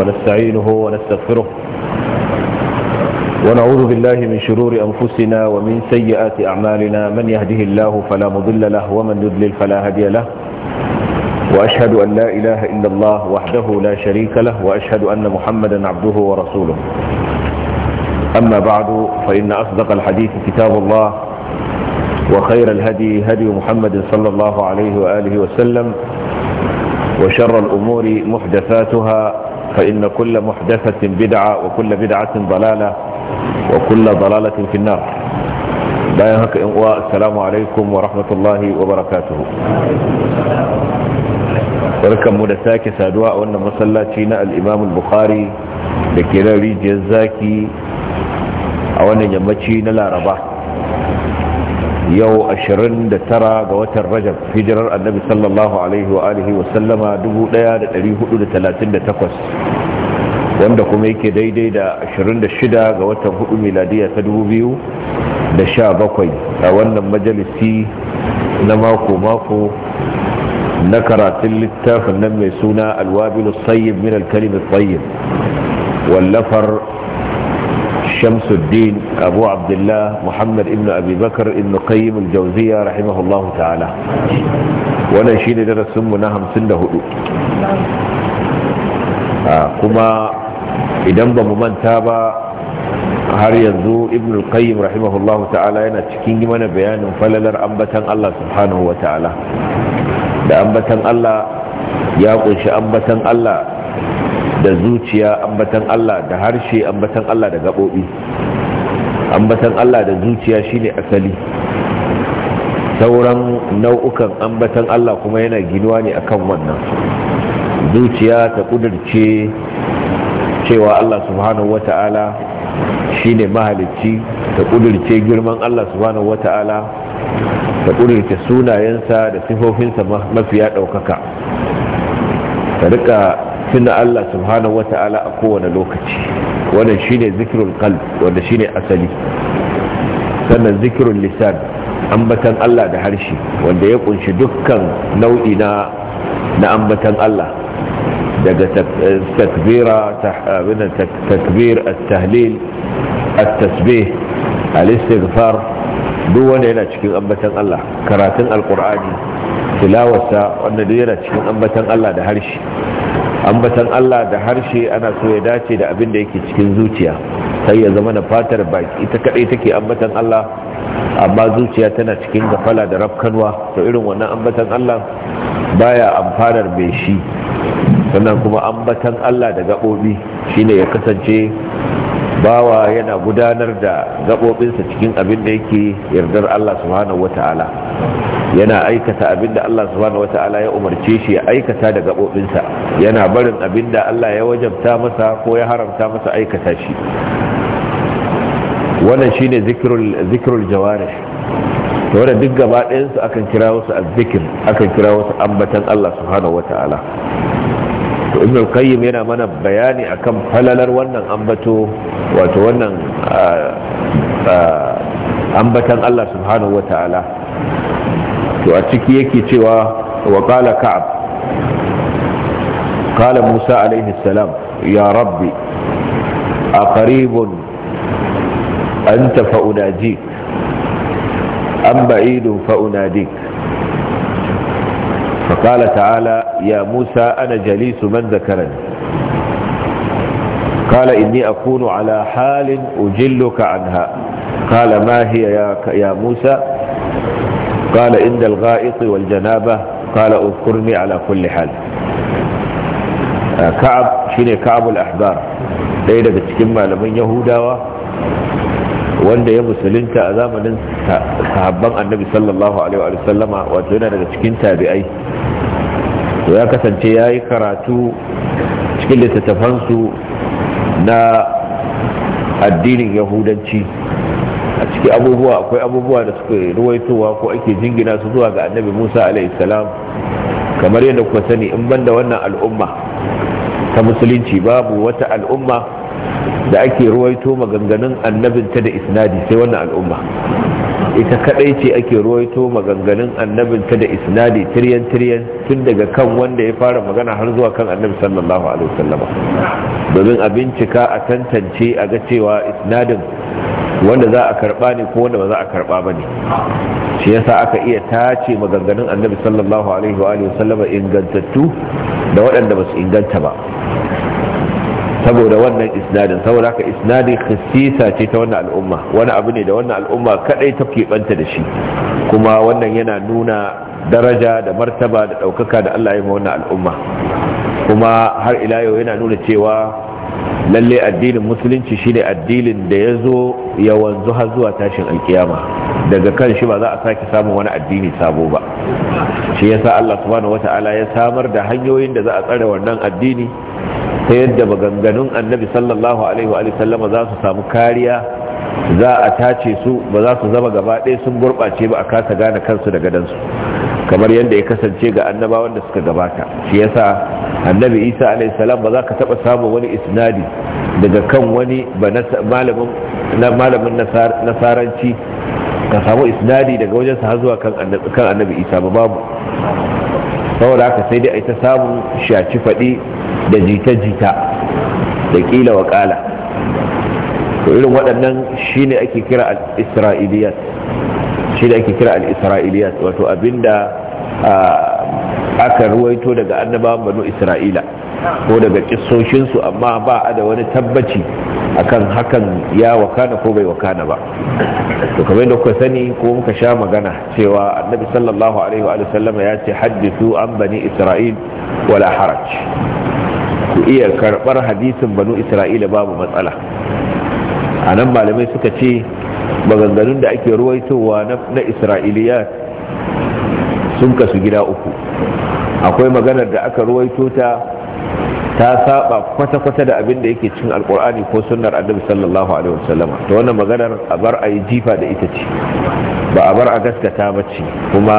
ونستعينه ونستغفره ونعوذ بالله من شرور أنفسنا ومن سيئات أعمالنا من يهده الله فلا مضل له ومن يضلل فلا هدي له وأشهد أن لا إله إلا الله وحده لا شريك له وأشهد أن محمدا عبده ورسوله أما بعد فإن أصدق الحديث كتاب الله وخير الهدي هدي محمد صلى الله عليه وآله وسلم وشر الأمور محدثاتها فإن كل محدثة بدعة وكل بدعة ضلالة وكل ضلالة في النار باين هكا السلام عليكم ورحمة الله وبركاته barkan mu da sake saduwa a wannan masallaci na al'imam al da ke rijiyar zaki a wannan yammaci na laraba yau 29 ga watan rajab hijirar annabi sallallahu alaihi wa alihi wa sallama 1438 wanda kuma yake daidai da 26 ga watan 4 miladiya ta 2017 a wannan majalisi na mako-mako na karatun littafin nan mai suna alwabilu sayyid min alkalimin tsayyid wallafar شمس Abu أبو Muhammad الله Abibakar ابن أبي بكر ابن قيم الجوزية wannan shi ne darasinmu na hamsin da hudu ah, kuma idan ba mu manta ba har yanzu ibn al-qayyim ta'ala yana cikin yi mana bayanin falalar ambatan Allah subhanahu wa ta'ala da ambatan Allah ya kunshi ambatan Allah da zuciya ambatan Allah da harshe ambatan Allah da gaɓoɓi ambatan Allah da zuciya shine asali sauran nau'ukan ambatan Allah kuma yana ginuwa ne akan wannan zuciya ta kudirce cewa Allah subhanahu wata'ala shine mahalicci ta kudirce girman Allah subhanahu wata'ala ta kudirce sunayensa da sifofinsa mafiya ɗaukaka ta rika tuna Allah subhanahu wa ta'ala a kowane lokaci wannan shine zikrul qalb wanda shine asali sannan zikrul lisan ambatan Allah da harshe wanda ya kunshi dukkan nau'i na na ambatan Allah daga takbira tahbina takbir at-tahlil at-tasbih al-istighfar duk wanda yana cikin ambatan Allah karatun alqur'ani tilawarsa wanda duk yana cikin ambatan Allah da harshe ambatan Allah da harshe ana so ya dace da abin da yake cikin zuciya sai ya zama na fatar baki ita kadai take ambatan Allah amma zuciya tana cikin gafala da rafkanwa to irin wannan ambatan Allah baya amfanar mai shi sannan kuma ambatan Allah da gabobi shine ya kasance bawa yana gudanar da gabobinsa cikin abin da yake yardar Allah subhanahu wataala yana aikata abinda Allah subhanahu wata'ala ya umarce shi ya aikata da gabobinsa yana barin abinda Allah ya wajabta masa ko ya haramta masa aikata shi wannan shine zikrul zikrul jawarih wanda duk gaba ɗayan su akan kira wasu azzikir akan kira wasu ambatan Allah subhanahu wata'ala to ibn al-qayyim yana mana bayani akan falalar wannan ambato wato wannan ah, ah, ambatan Allah subhanahu wata'ala to a ciki yake cewa wa qala ka'ab qala musa alaihi salam ya rabbi An anta fa unajik am ba'idun fa unadik فقال تعالى يا موسى أنا جليس من ذكرني قال إني أكون على حال أجلك عنها قال ما هي يا موسى قال عند الغائط والجنابة قال اذكرني على كل حال shine شيني كعب الأحبار ɗaya daga cikin malaman yahudawa wanda ya musulunta a zamanin sahabban annabi sallallahu wato yana daga cikin tabi'ai to ya kasance ya yi karatu cikin littattafansu na addinin yahudanci a ciki abubuwa akwai abubuwa da suka ruwaitowa ko ake jingina su zuwa ga annabi musa salam kamar yadda kuka sani in banda wannan al'umma ta musulunci babu wata al'umma da ake ruwaito maganganun annabinta da isnadi sai wannan al'umma ita kadai ce ake ruwaito maganganun ta da isnadi tiryan tiryan tun daga kan wanda ya fara magana har zuwa kan annabi sallallahu alaihi wasallama domin a bincika a tantance a ga cewa isnadin wanda za a karba ne ko wanda ba za a karba ba ne shi yasa aka iya tace maganganun annabi sallallahu alaihi wa ingantattu da waɗanda ba su inganta ba saboda wannan isnadin saboda haka isnadin khassisa ce ta wannan al'umma wani abu ne da wannan al'umma kadai ta keɓanta da shi kuma wannan yana nuna daraja da martaba da ɗaukaka da Allah ya ma wannan al'umma kuma har ila yau yana nuna cewa lalle addinin musulunci shine addinin da ya zo ya wanzu har zuwa tashin alkiyama daga kan shi ba za a sake samun wani addini sabo ba shi yasa Allah subhanahu wataala ya samar da hanyoyin da za a tsare wannan addini ta yadda maganganun annabi sallallahu alaihi wa sallama za su samu kariya za a tace su ba za su zama gaba ɗaya sun gurɓace ba a kasa gane kansu da gadansu kamar yadda ya kasance ga Annaba wanda suka gabata shi yasa annabi isa alaihi salam ba za ka taɓa samun wani isnadi daga kan wani malamin nasaranci ka samu isnadi daga wajensa har zuwa kan annabi isa ba babu saboda haka sai dai a ta samun shaci faɗi da jita-jita da kila wa kala to irin waɗannan shi ne ake kira al-isra'iliyat shi ne ake kira al-isra'iliyat wato abinda aka ruwaito daga annabawan banu isra'ila ko daga kisoshinsu amma ba a da wani tabbaci akan hakan ya wakana ko bai wakana ba to kamar da kuka sani ko muka sha magana cewa annabi sallallahu alaihi wa sallam ya ce haddisu an bani isra'il wala haraj su iya karɓar hadisin banu isra'ila babu matsala a nan malamai suka ce maganganun da ake ruwaitowa na isra'iliya sun kasu gida uku akwai maganar da aka ruwaito ta ta saba kwata-kwata da abin da yake cin alkur'ani ko sunnar annabi sallallahu alaihi wasallama ta wannan maganar a bar a yi jifa da ita ce ba a bar a gaskata ba ce kuma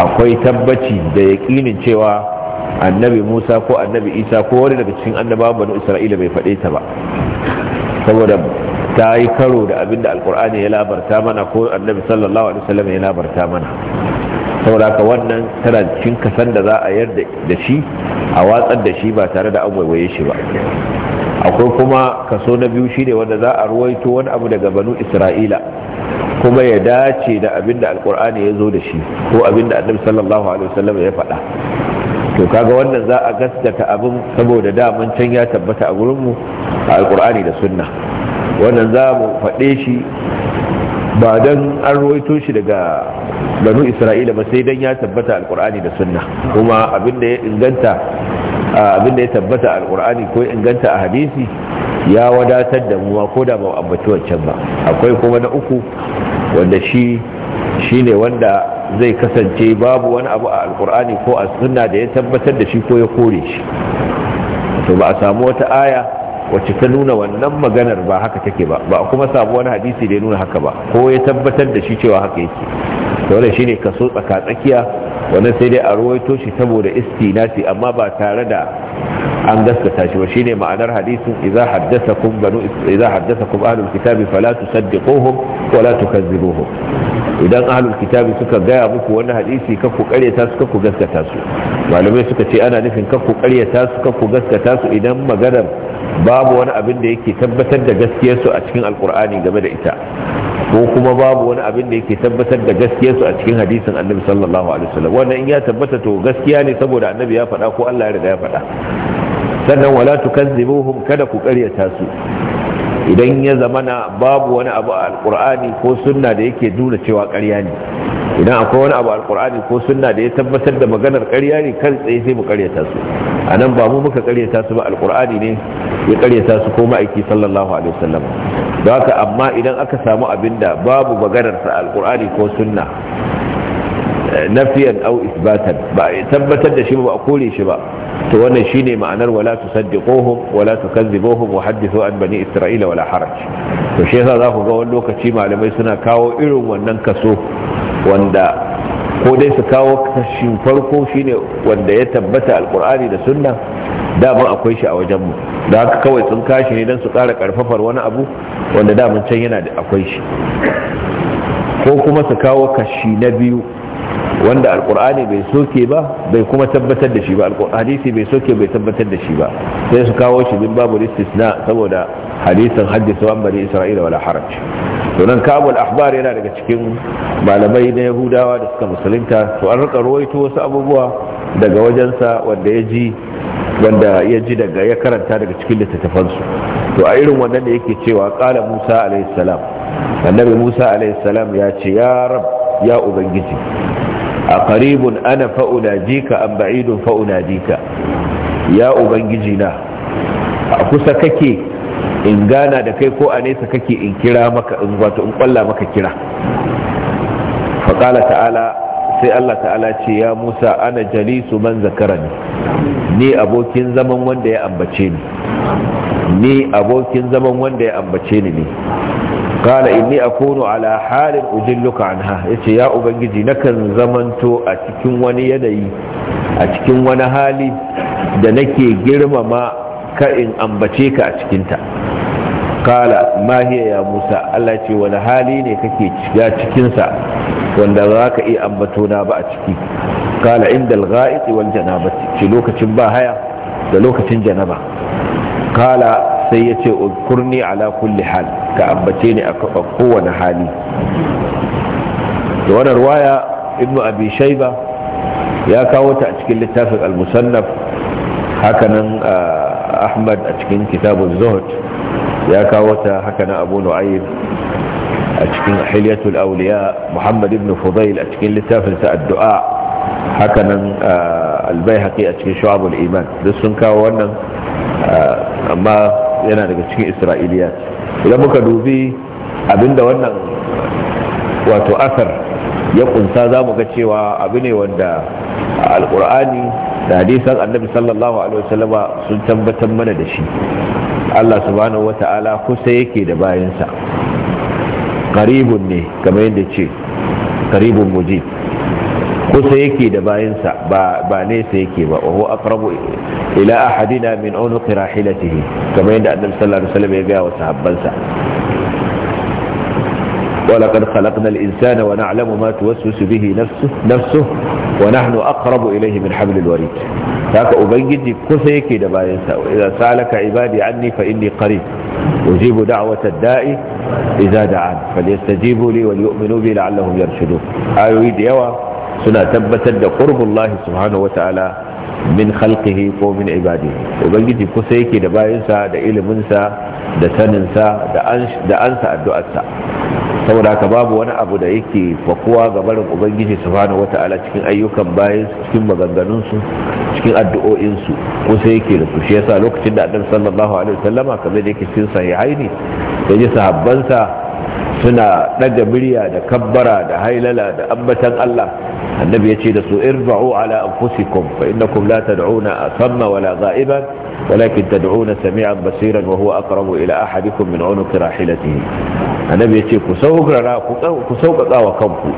akwai tabbaci da yaƙinin cewa annabi musa ko annabi isa ko wani daga cikin annabawan banu isra'ila bai faɗe ta ba saboda ta yi karo da abinda alkur'ani ya labarta mana ko annabi sallallahu alaihi wasallam ya labarta mana saboda ka wannan tana cikin kasan da za a yarda da shi a watsar da shi ba tare da an waiwaye shi ba akwai kuma kaso na biyu shine wanda za a ruwaito wani abu daga banu isra'ila kuma ya dace da abinda alkur'ani ya zo da shi ko abinda annabi sallallahu alaihi wasallam ya faɗa to kaga wannan za a gaskata abin saboda daman can ya tabbata a gurinmu a alkur'ani da sunna wannan za mu faɗe shi ba don an roito shi daga banu isra'ila ba sai don ya tabbata alkur'ani da sunna kuma abin da ya inganta abin da ya tabbata alkur'ani ko inganta a hadisi ya wadatar da mu ko da ba ambaci wancan ba akwai kuma na uku wanda shi shine wanda zai kasance babu wani abu a alkur'ani ko a sunna da ya tabbatar da shi ko ya kore shi to ba a samu wata aya wacce ta nuna wannan maganar ba haka take ba ba kuma samu wani hadisi da ya nuna haka ba ko ya tabbatar da shi cewa haka yake to da shine kaso tsaka tsakiya wannan sai dai a ruwaito shi saboda istinasi amma ba tare da an gaskata shi ba shine ma'anar hadisin idza haddathakum banu idza haddathakum ahlul kitabi fala tusaddiquhum wala tukazzibuhum idan ahlul kitabi suka gaya muku wani hadisi kan ku karyata su kan ku gaskata su malamai suka ce ana nufin kan ku karyata su kan ku gaskata su idan maganar babu wani abin da yake tabbatar da gaskiyar su a cikin alkur'ani game da ita ko kuma babu wani abin da yake tabbatar da gaskiyar su a cikin hadisin annabi sallallahu alaihi wasallam wannan in ya tabbata to gaskiya ne saboda annabi ya faɗa ko Allah ya riga ya faɗa sannan wala tukazzibuhum kada ku karyata su idan ya zamana babu wani abu a alkur'ani ko sunna da yake nuna cewa ƙarya ne idan akwai wani abu a alkur'ani ko sunna da ya tabbatar da maganar ƙarya ne kan tsaye sai mu ƙaryata su a nan ba mu muka ƙaryata su ba alkur'ani ne ya ƙaryata su ko ma'aiki sallallahu alaihi wasallam da haka amma idan aka samu abin da babu maganar sa alkur'ani ko sunna nafiyan au isbatan ba a tabbatar da shi ba a kore shi ba to wannan shine ma'anar wala tusaddiquhum wala tukazzibuhum wa hadithu an bani isra'ila wala haraj to shi yasa za ku ga wani lokaci malamai suna kawo irin wannan kaso wanda ko dai su kawo kashin farko shine wanda ya tabbata alkur'ani da sunna daman akwai shi a wajen mu da haka kawai sun kashi ne don su kara karfafar wani abu wanda daman can yana da akwai shi ko kuma su kawo kashi na biyu wanda alkur'ani bai soke ba bai kuma tabbatar da shi ba hadisi bai soke bai tabbatar da shi ba sai su kawo shi din babu istisna saboda hadisin hadisi, wa bani isra'ila wala haraj to nan al ahbar yana daga cikin malamai na yahudawa da suka musulunta to an rika ruwaito wasu abubuwa daga wajensa wanda ya ji wanda ya ji daga ya karanta daga cikin littattafansu to a irin wannan da yake cewa qala musa alayhi salam annabi musa alayhi salam ya ce ya rab ya ubangiji a qaribun ana jika an ba'idun jika ya ubangiji na a kusa kake in gana da kai ko a nesa kake in kira maka in wato in kwalla maka kira faƙala ta'ala sai Allah ta'ala ce ya Musa ana jalisu man zakaran ni abokin zaman wanda ya ambace ni ni abokin zaman wanda ya ambace ni ne Kala inni a ala halin ujilluka anha yace ya ubangiji nakan zamanto a cikin wani yanayi a cikin wani hali da nake girmama ka in ambace ka a cikin ta qala ya musa Allah ce wani hali ne kake ciga cikinsa wanda za ka iya ambato na ba a ciki qala inda al-gha'iq wal janabati lokacin ba haya da lokacin janaba kala. sai ya ce kurni ala kulli hal ka ambace ni a kowane hali da wani ruwaya ibnu abi shaiba ya kawo ta a cikin littafin al-musannaf hakanan ahmad a cikin kitabun zuhud ya kawo ta hakanan abu nu'ayyib a cikin hilyatul auliya muhammad ibn fudail a cikin littafinsa addu'a hakanan haƙi a cikin shu'abul iman duk sun kawo wannan amma yana daga cikin isra'iliya idan muka dubi abinda wannan wato asar ya kunsa za mu ga cewa abu ne wanda alkur'ani da hadisan annabi sallallahu alaihi wasallama sun tabbatar mana da shi Allah subhanahu ta'ala kusa yake da bayansa karibun ne kamar yadda ce karibun mujib kusa yake da bayansa ba nesa yake ba wa huwa aqrabu ila ahadina min unuqi rahilatihi kamar yadda annabi sallallahu alaihi wasallam ya ga wa sahabbansa ولقد خلقنا الإنسان ونعلم ما توسوس به نفسه, نفسه ونحن أقرب إليه من حبل الوريد ذاك أبنجد كثيك دبا ينسى إذا سألك عبادي عني فإني قريب أجيب دعوة الداء إذا دعان فليستجيبوا لي وليؤمنوا بي لعلهم يرشدون آيويد يوى suna tabbatar da qurbullahi subhanahu wataala min khalqihi ko min ibadihi ubangiji kusa yake da bayansa da iliminsa da saninsa da ansa addu'arsa saboda haka babu wani abu da yake fakuwa ga barin ubangiji subhanahu wataala cikin ayyukan bayan cikin maganganunsu cikin addu'o'insu kusa yake da su shi yasa lokacin da annabi sallallahu alaihi wasallama kamar da yake cikin sahihaini da ji sahabbansa suna ɗaga murya da kabbara da hailala da ambatan Allah annabi ya ce da su irfa'u ala anfusikum fa innakum la tad'una asamma wala gha'iban walakin tad'una sami'an basiran wa huwa aqrabu ila ahadikum min unuqi rahilatihi annabi ya ce ku saurara ku wa kanku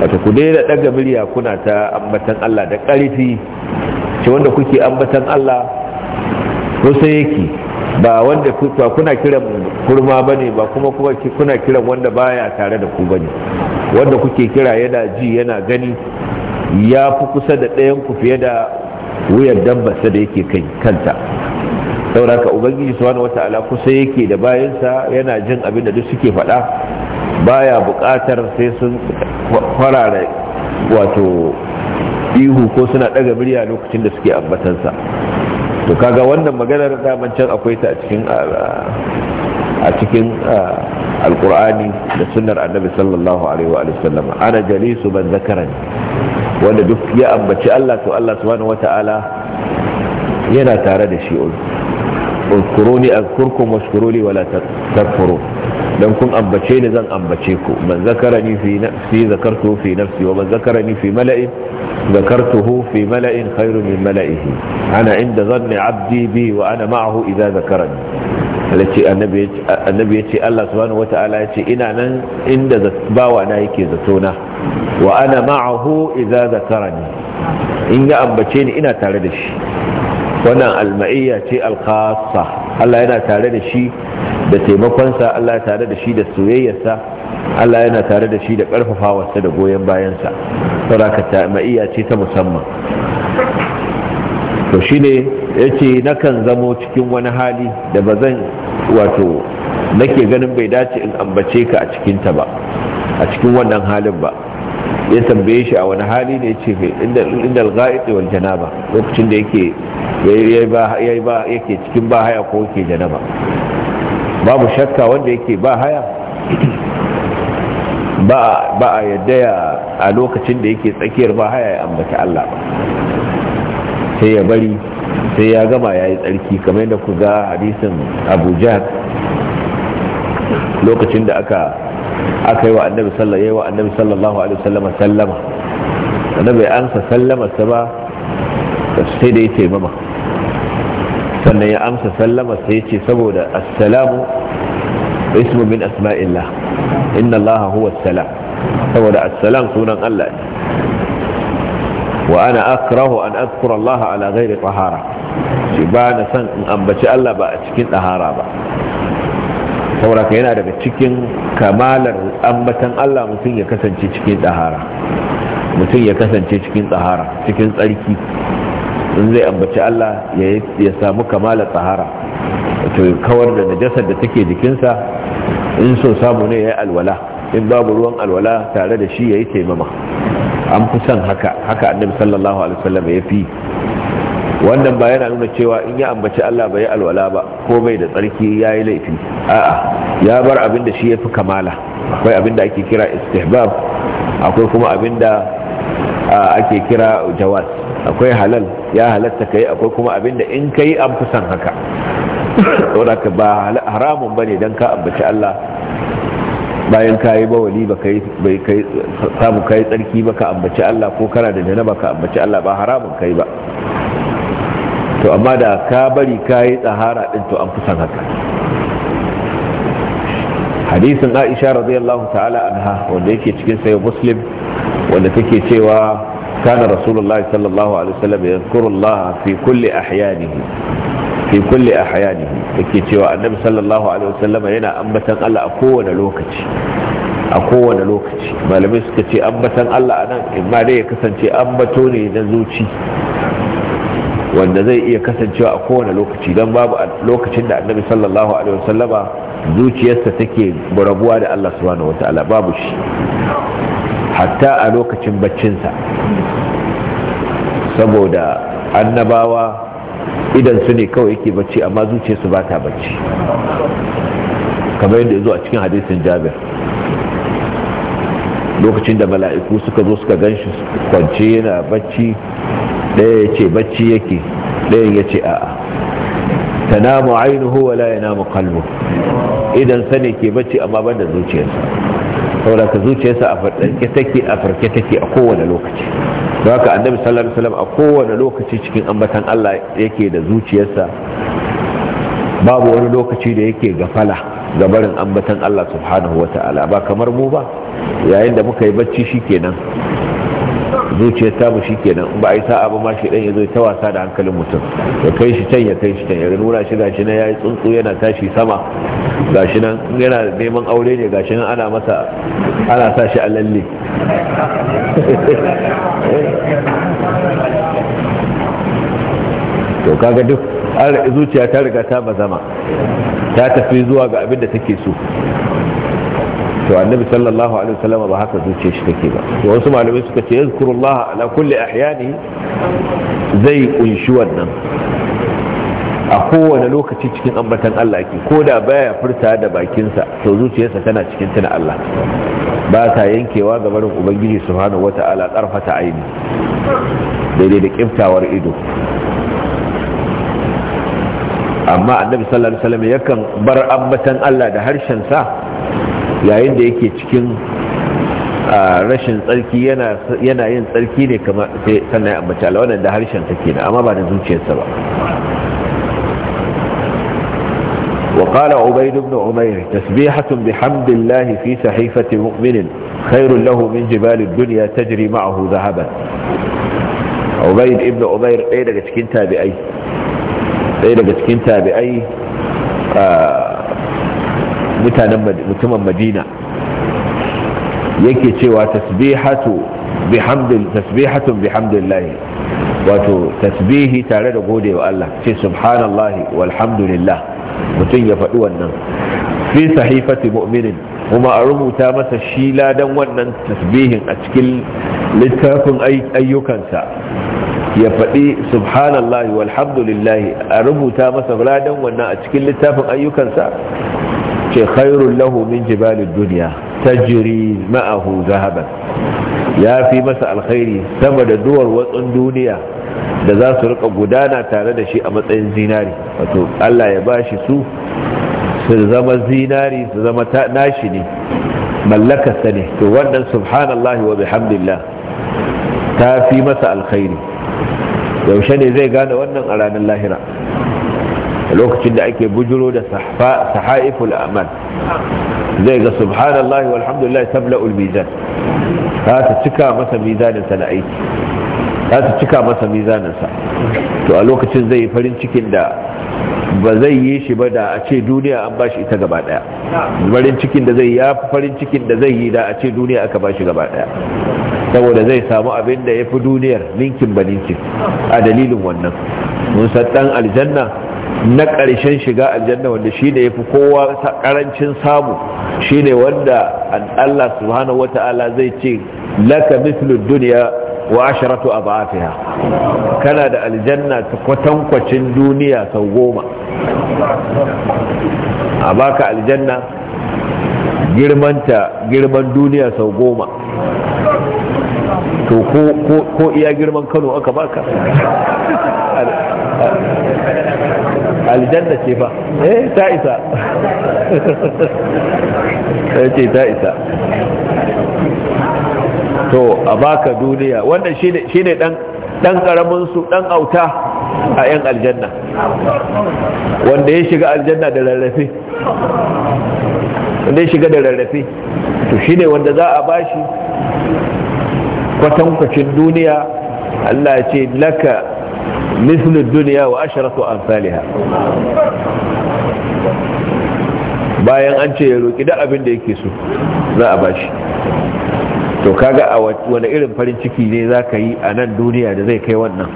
wato ku daina ɗaga murya kuna ta ambatan Allah da ƙarfi ce wanda kuke ambatan Allah ko sai yake ba wanda kuna kiran kurma bane ba kuma kuma kuna kiran wanda baya tare da ku bane wanda kuke kira ya yana ji yana gani ya fi kusa da ɗayan ku fiye da wuyar dabbarsa da yake kai kanta sauraka ubangiji wata ala kusa yake da bayansa yana jin abin da duk suke faɗa baya buƙatar sai sun farara wato ihu ko suna ɗaga murya lokacin da suke ambatansa to kaga wannan maganar daman can akwai ta a cikin a cikin alkur'ani da sunnar annabi sallallahu alaihi wa sallam ana jalisu ban zakarani wanda duk ya ambaci Allah to Allah subhanahu wata'ala yana tare da shi uzkuruni azkurkum washkuruli wala takfuru dan kun ambace ni zan ambace ku man zakarani fi nafsi zakartu fi nafsi wa man zakarani fi mala'in zakartuhu fi mala'in khairun min mala'ihi ana inda zanni 'abdi bi wa ana ma'ahu idza zakarani annabi ya ce Allah subhanahu wata'ala ya ce ina nan inda bawa na yake na wa ana ma'ahu idza ne in ya ambace ni ina tare da shi wannan alma'iyya ce alkhassa Allah yana tare da shi da taimakonsa Allah ya tare da shi da soyayyarsa Allah yana tare da shi da karfafawarsa da goyon bayansa saboda ka ma'iyya ce ta musamman to shi ne ya ce na kan zamo cikin wani hali da ba zan wato nake ganin bai dace in ambace ka a cikinta ba a cikin wannan halin ba ya tambaye shi a wani hali ne ce inda al-ghaid wal janaba lokacin da yake yake cikin ba haya ko yake janaba babu shakka wanda yake ba haya ba a yadda a lokacin da yake tsakiyar ba haya ya ambata Allah ba sai ya bari sai ya gama ya yi tsarki kamar yadda ku ga hadisin abu lokacin da aka aka yi wa annabi sallallahu alaihi wa annabi sallallahu alaihi wasallama sallama annabi an amsa sallama sa ba sai da ya mama sannan ya amsa sallama sai ce saboda assalamu ismu min asma'illah inna allaha huwa assalam saboda assalam sunan Allah ne wa ana akrahu an azkura Allah ala ghairi tahara shi ba na san in ambaci Allah ba a cikin tahara ba saboda ka yana daga cikin kamalar ambatan Allah mutum ya kasance cikin tsahara. mutum ya kasance cikin tsahara, cikin tsarki in zai ambaci Allah ya samu kamalar tsahara. to kawar da najasar da take jikinsa in so samu ne ya yi alwala in babu ruwan alwala tare da shi ya yi taimama an fi son haka haka annabi sallallahu alaihi wasallam ya fi wannan ba yana nuna cewa in ya ambaci Allah bai alwala ba ko bai da tsarki yayi laifi a'a ya bar abin da shi yafi kamala akwai abin da ake kira istihbab akwai kuma abin da ake kira jawaz akwai halal ya halatta kai akwai kuma abin da in kai an fi son haka saboda ba haramun bane dan ka ambaci Allah bayan ka yi bawali ba kai kai tsarki ba ka ambaci Allah ko kana da ba ka ambaci Allah ba haramun kai ba to amma da ka bari ka yi tsahara din to an kusan haka hadisin Aisha radiyallahu ta'ala anha wanda yake cikin sayo Muslim wanda take cewa kana Rasulullahi sallallahu alaihi wasallam yadhkurullaha fi kulli ahyanihi fi kulli ahyanihi yake cewa annabi sallallahu alaihi wasallam yana ambatan Allah a kowane lokaci a kowane lokaci malamai suka ce ambatan Allah anan imma dai ya kasance ambato ne na zuci wanda zai iya kasancewa a kowane lokaci don babu a lokacin da annabi sallallahu alaihi wasallama zuciyarsa take rabuwa da Allah subhanahu wataala babu shi hatta a lokacin baccinsa saboda annabawa idan su ne kawai yake bacci amma zuciyarsu ba ta bacci kamar yadda ya zo a cikin hadisin jabir lokacin da mala'iku suka zo suka gan shi kwance yana bacci ɗaya ya ce bacci yake ɗaya ya ce a'a ta tanamu ainihu wala mu kalmu idan sane ke bacci amma banda zuciyarsa saboda ka zuciyarsa a farke take a farke take a kowane lokaci da haka annabi sallallahu alaihi wasallam a kowane lokaci cikin ambatan Allah yake da zuciyarsa babu wani lokaci da yake gafala ga barin ambatan Allah subhanahu wata'ala ba kamar mu ba yayin da muka yi bacci shikenan zuciyar ta mu shikenan in ba a yi sa'a ba ma shi dan ya zo ta wasa da hankalin mutum ya kai shi can ya kai shi can ya nuna shi gashi nan yayi tsuntsu yana tashi sama gashi nan yana neman aure ne gashi nan ana masa ana sa shi a lalle kaga duk zuciya ta riga ta bazama ta tafi zuwa ga abin da take so to annabi sallallahu alaihi wasallam ba haka zuciya shi take ba to wasu malamai suka ce yazkurullaha ala kulli ahyani zai kunshi wannan a kowane lokaci cikin ambatan Allah ke ko da baya furta da bakinsa to zuciyarsa tana cikin tuna Allah ba ta yankewa ga barin ubangiji subhanahu wata'ala karfata aini daidai da kiftawar ido amma annabi sallallahu alaihi wasallam yakan bar abbatan Allah da harshen sa yayin da yake cikin rashin tsarki yana yana yin tsarki ne kamar sai sannan ambata Allah wannan da harshen ta kenan amma ba da sa ba wa qala ubayd ibn umayr tasbihatun bihamdillahi fi sahifati mu'minin khairun lahu min jibali dunya tajri ma'ahu dhahaban ubayd ibn umayr ɗaya daga cikin tabi'ai ɗaya daga cikin tabi'ai mutanen mutumin madina yake cewa tasbihatu tasbihatun bihamdillahi wato tasbihi tare da gode wa Allah ce subhanallahi walhamdulillah mutum ya faɗi wannan fi sahifati mu'minin kuma a rubuta masa shi ladan wannan tasbihin a cikin littafin ayyukansa ya faɗi subhanallahi walhamdulillahi a rubuta masa ladan wannan a cikin littafin ayyukansa ce khairun lahu min jibalin duniya tajri ma'ahu zahaban ya fi masa alkhairi sama da duwar watsun duniya da za su rika gudana tare da shi a matsayin zinari wato Allah ya bashi su su zama zinari su zama nashi ne mallakarsa ne to wannan subhanallahi wa bihamdillah ta fi masa alkhairi yaushe ne zai gane wannan a ranar lahira lokacin da ake bujuro da sahaiful amal zai ga subhanallah walhamdulillah tabla'ul mizan za ta cika masa mizaninsa na aiki za ta cika masa mizaninsa to a lokacin zai yi farin cikin da ba zai yi shi ba da a ce duniya an bashi ita gaba daya farin cikin da zai yi ya farin cikin da zai yi da a ce duniya aka bashi gaba daya saboda zai samu abin da ya fi duniyar ninkin ba ninkin a dalilin wannan mun aljanna na ƙarshen shiga aljanna wanda shi ne ya fi kowa ƙarancin samu shi ne wanda Allah subhanahu wata'ala zai ce laka mislul duniya wa asharatu a ba'afiya kana da aljanna ta kwatankwacin duniya sau goma a baka aljanna girmanta girman duniya sau goma to ko iya girman kano aka baka aljanna ce fa eh ta isa sai ce ta isa to a baka duniya wannan shine dan dan karamin su dan auta a yan aljanna wanda ya shiga aljanna da rarrafe wanda ya shiga da rarrafe to shine wanda za a bashi kwatankwacin duniya Allah ya ce laka mislu duniya wa asharatu amsalha bayan an ce ya roki da abin da yake so za a bashi to kaga a wani irin farin ciki ne za ka yi a nan duniya da zai kai wannan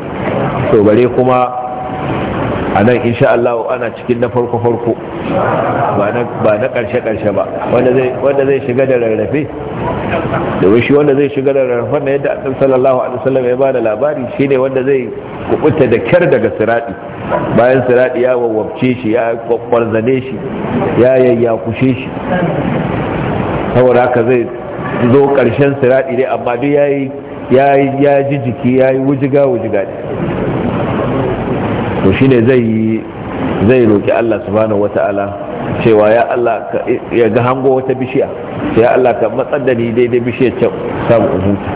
to bare kuma a nan insha Allah ana cikin na farko-farko ba na ƙarshe-ƙarshe ba wanda zai shiga da rarrafe domin shi wanda zai shiga da rarrafan yadda annabi sallallahu alaihi wasallam ya bada labari shine wanda zai kubuta da kyar daga siradi bayan siradi ya wawwabce shi ya kwakwarzane shi ya yayyakushe shi saboda haka zai zo karshen siradi dai amma duk yayi yi ya ji jiki yayi wujiga wujiga to shine zai zai roki Allah subhanahu wataala cewa ya Allah ya ga hango wata bishiya ya Allah ka matsar da ni daidai bishiyar can samu huta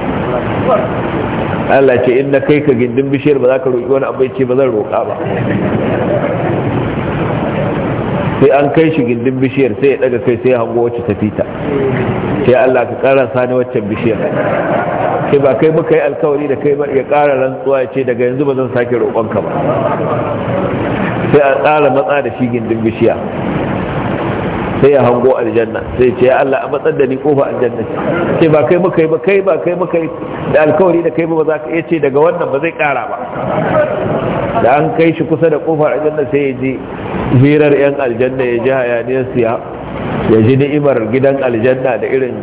Allah ce in na kai ka gindin bishiyar ba za ka roƙi wani abai ce ba zan roƙa ba sai an kai shi gindin bishiyar sai ya daga kai sai ya hango wacce ta sai Allah ka ƙara Sani waccan bishiyar sai ba kai muka yi alkawari da kai ya ƙara rantsuwa ya ce daga yanzu ba zan sake roƙonka ba sai a ƙara matsa da shi gindin bishiya sai ya hango aljanna sai ce ya Allah a matsar da ni kofa aljanna ce ba kai muka yi ba kai ba kai muka yi da alkawari da kai ba za ka iya ce daga wannan ba zai kara ba da an kai shi kusa da kofar aljanna sai ya ji hirar yan aljanna ya ji hayaniyar siya ya ji ni'imar gidan aljanna da irin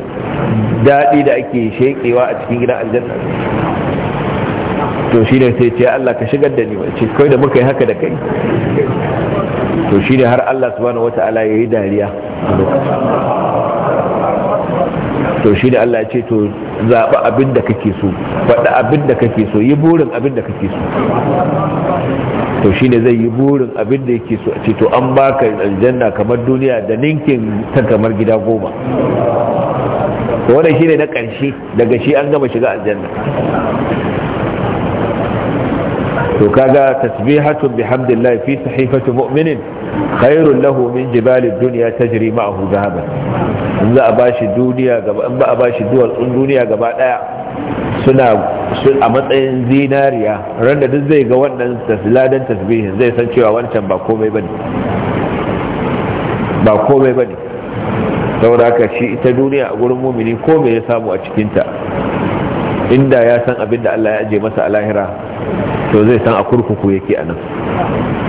daɗi da ake shekewa a cikin gidan aljanna to shi ne sai ce Allah ka shigar da ni ba ce kai da muka yi haka da kai to shi ne har Allah subhanahu Ala ya yi dariya to shi ne Allah ya ce to zaɓi abin da kake so faɗi abin da kake so yi burin abin da kake so to shi ne zai yi burin abin da yake so a ce to an baka aljanna kamar duniya da ninkin ta kamar gida goma wannan shi ne na ƙarshe daga shi an gama shiga aljanna to kaga tasbihatu bihamdillah fi sahifati mu'minin khairun lahu min jibali dunya tajri ma'ahu dhahaban in za a bashi duniya gaba in ba a bashi duwatsun duniya gaba daya suna a matsayin zinariya randa duk zai ga wannan tasladan tasbih zai san cewa wancan ba komai bane ba komai bane saboda haka shi ita duniya a gurin mumini komai ya samu a cikinta inda ya san abin da Allah ya aje masa a lahira to zai san a kurkuku yake a nan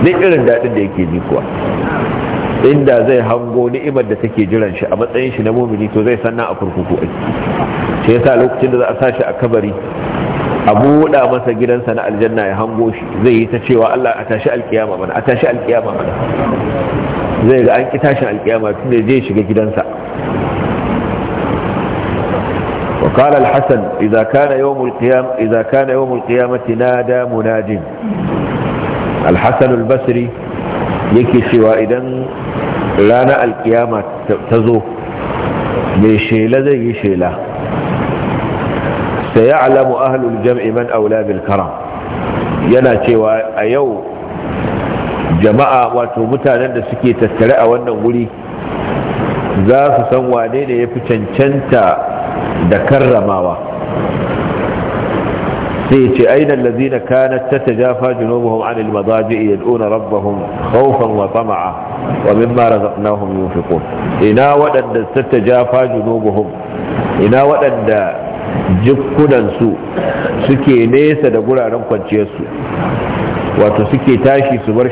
duk irin daɗin da yake ji kuwa inda zai hango ni'imar da take jiran shi a matsayin shi na mumini to zai san nan a kurkuku ake shi yasa lokacin da za a sa shi a kabari a buɗa masa gidansa na aljanna ya hango shi zai yi ta cewa Allah a tashi alkiyama mana a tashi alkiyama mana zai ga an ki tashin alkiyama tun da zai shiga gidansa قال الحسن إذا كان يوم القيام إذا كان يوم القيامة نادى مناد الحسن البصري yake cewa idan rana alkiyama ta zo mai shela zai yi shela sai ya alamu ahalul jam'i man aula bil karam yana cewa a yau jama'a wato mutanen da suke tattare a wannan wuri za su san wane ne ya fi cancanta da karramawa sai ce ainihin lazina kanat ta tajafa junubuhum anil mazaji yad'una rabbahum khawfan wa tama'a wa mimma razaqnahum fiko. ina waɗanda ta tajafa junubuhum ina waɗanda jikunansu suke nesa da guraren kwanciyarsu wato suke tashi su bar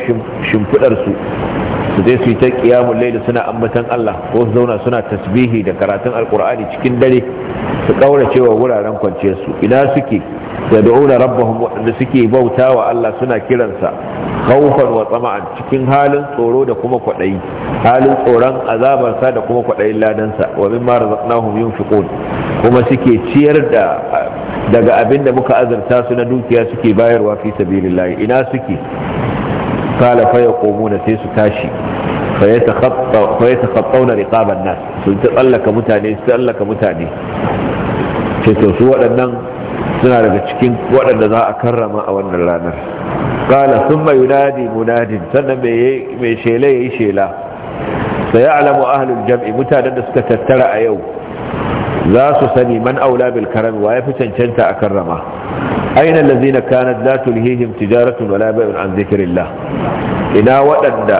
shimfidarsu su je su yi ta qiyamul suna ambatan Allah ko su zauna suna tasbihi da karatun alkur'ani cikin dare su kaura cewa wuraren kwanciyarsu. su ina suke da da'una rabbahum wanda suke bauta wa Allah suna kiransa khawfan wa tsama'an cikin halin tsoro da kuma kwaɗayi, halin tsoron azabarsa da kuma kwaɗayin ladansa wa mimma razaqnahum yunfiqun kuma suke ciyar da daga abin da muka azurta su na dukiya suke bayarwa fi sabilillah ina suke kala fa yaqumuna sai su tashi fa yatakhattawna riqaban nas sun ta tsallaka mutane tsallaka mutane waɗannan suna daga cikin waɗanda za a karrama a wannan ranar kala sun mai yunadi munadin sannan mai shela ya yi shela sai ya alamu ahalin jam'i mutanen da suka tattara a yau za su sani man aula bil karami wa yafi cancanta a karrama aina allazina kanat la tulhihim tijaratun wala bai'un an zikrillah ina waɗanda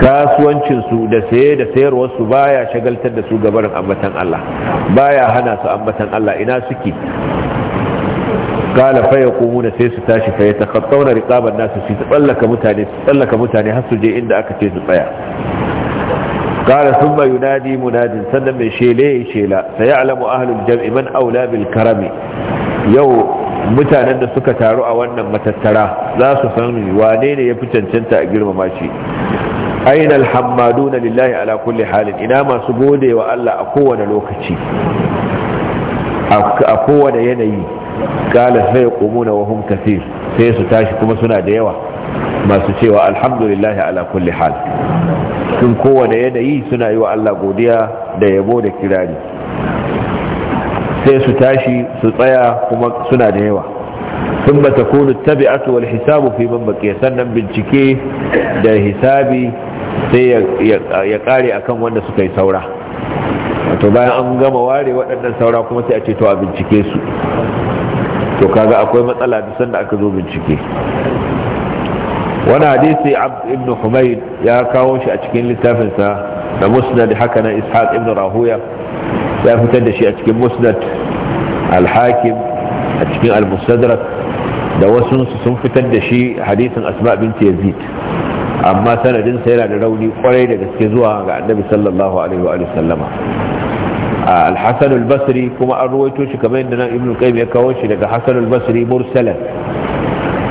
kasuwancin su da saye da sayarwar su baya shagaltar da su gabarin ambatan Allah baya hana su ambatan Allah ina suke قال فيقومون سيس تاشي فيتخطون rikabar nasu في mutane har su je inda aka ce su tsaya. قال ثم munadin مناد mai من shela شيلا سيعلم أهل الجمع من أولى بالكرم yau mutanen da suka taru a wannan matattara za su san wane ne ya fi cancanta a girmama shi aina alhammaduna lillahi ala kulli halin ina masu gode wa Allah a kowane lokaci a kowane yanayi kala sai qumuna wa hum kathir sai su tashi kuma suna da yawa masu cewa alhamdulillah ala kulli hal cikin kowane yanayi suna yi wa Allah godiya da yabo da kirari sai su tashi su tsaya kuma suna da yawa sun ba ta kunu tabi'atu wal hisabu fi man baki sannan bincike da hisabi sai ya kare akan wanda suka yi saura wato bayan an gama ware waɗannan saura kuma sai a ceto a bincike su to kaga akwai matsala da sanda aka zo bincike wani hadisi abd ibn humayd ya kawo shi a cikin littafinsa da musnad haka na ishaq ibn rahuya ya fitar da shi a cikin musnad al-hakim a cikin al da wasu sun fitar da shi hadisin asma binti yazid amma sanadinsa yana da rauni kwarai da gaske zuwa ga annabi sallallahu alaihi wa sallama basri kuma an ruwaito shi kamar yadda nan ibnu qayyim ya kawo shi daga hasan al-basri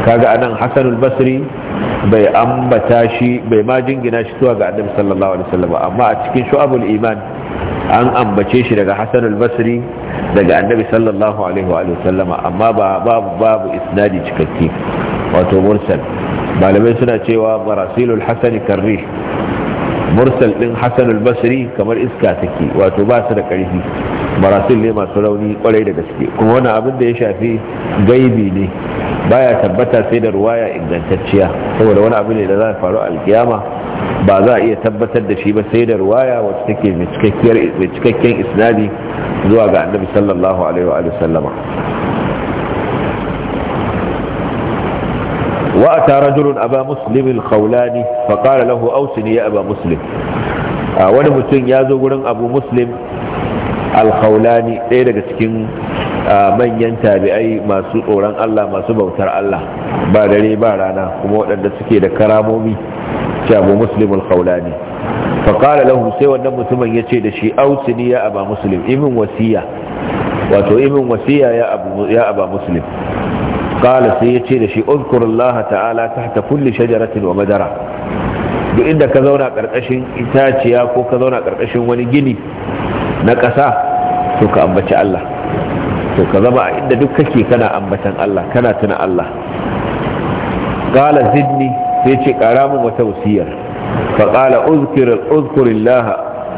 kaga anan hasan basri bai ambata shi bai ma jingina shi zuwa ga annabi sallallahu alaihi wasallam amma a cikin shu'abul iman an ambace shi daga hasan al-basri daga annabi sallallahu alaihi wa sallama amma ba babu babu isnadi cikakke wato mursal malamai suna cewa marasilul hasan karri mursal din hasan al-basri kamar iska take wato ba su da karfi marasin ne masu rauni kwarai da gaske kuma wani abin da ya shafi gaibi ne baya tabbata sai da ruwaya ingantacciya saboda wani abu ne da za a faru alkiyama ba za a iya tabbatar da shi ba sai da ruwaya wacce take mai cikakken isnadi zuwa ga annabi sallallahu alaihi wa sallama وأتى رجل أبا مسلم الخولاني فقال له أوسني يا أبا مسلم wani mutum ya zo wurin abu muslim alkhaulani ɗaya daga cikin manyan tabi'ai masu tsoron allah masu bautar allah ba dare ba rana kuma waɗanda suke da karamomi ce abu muslim alkhaulani faƙara lahu sai wannan mutumin ya ce da shi ausini ya aba muslim wato imin wasiya ya aba muslim qala sai yace da shi uzkurullaha ta'ala tahta kulli shajaratin wa madara duk inda ka zauna karkashin itaciya ko ka zauna karkashin wani gini na ƙasa to ka ambaci Allah to ka zama a inda duk kake kana ambatan Allah kana tuna Allah qala zidni sai ce kara min wata wasiyar fa qala uzkir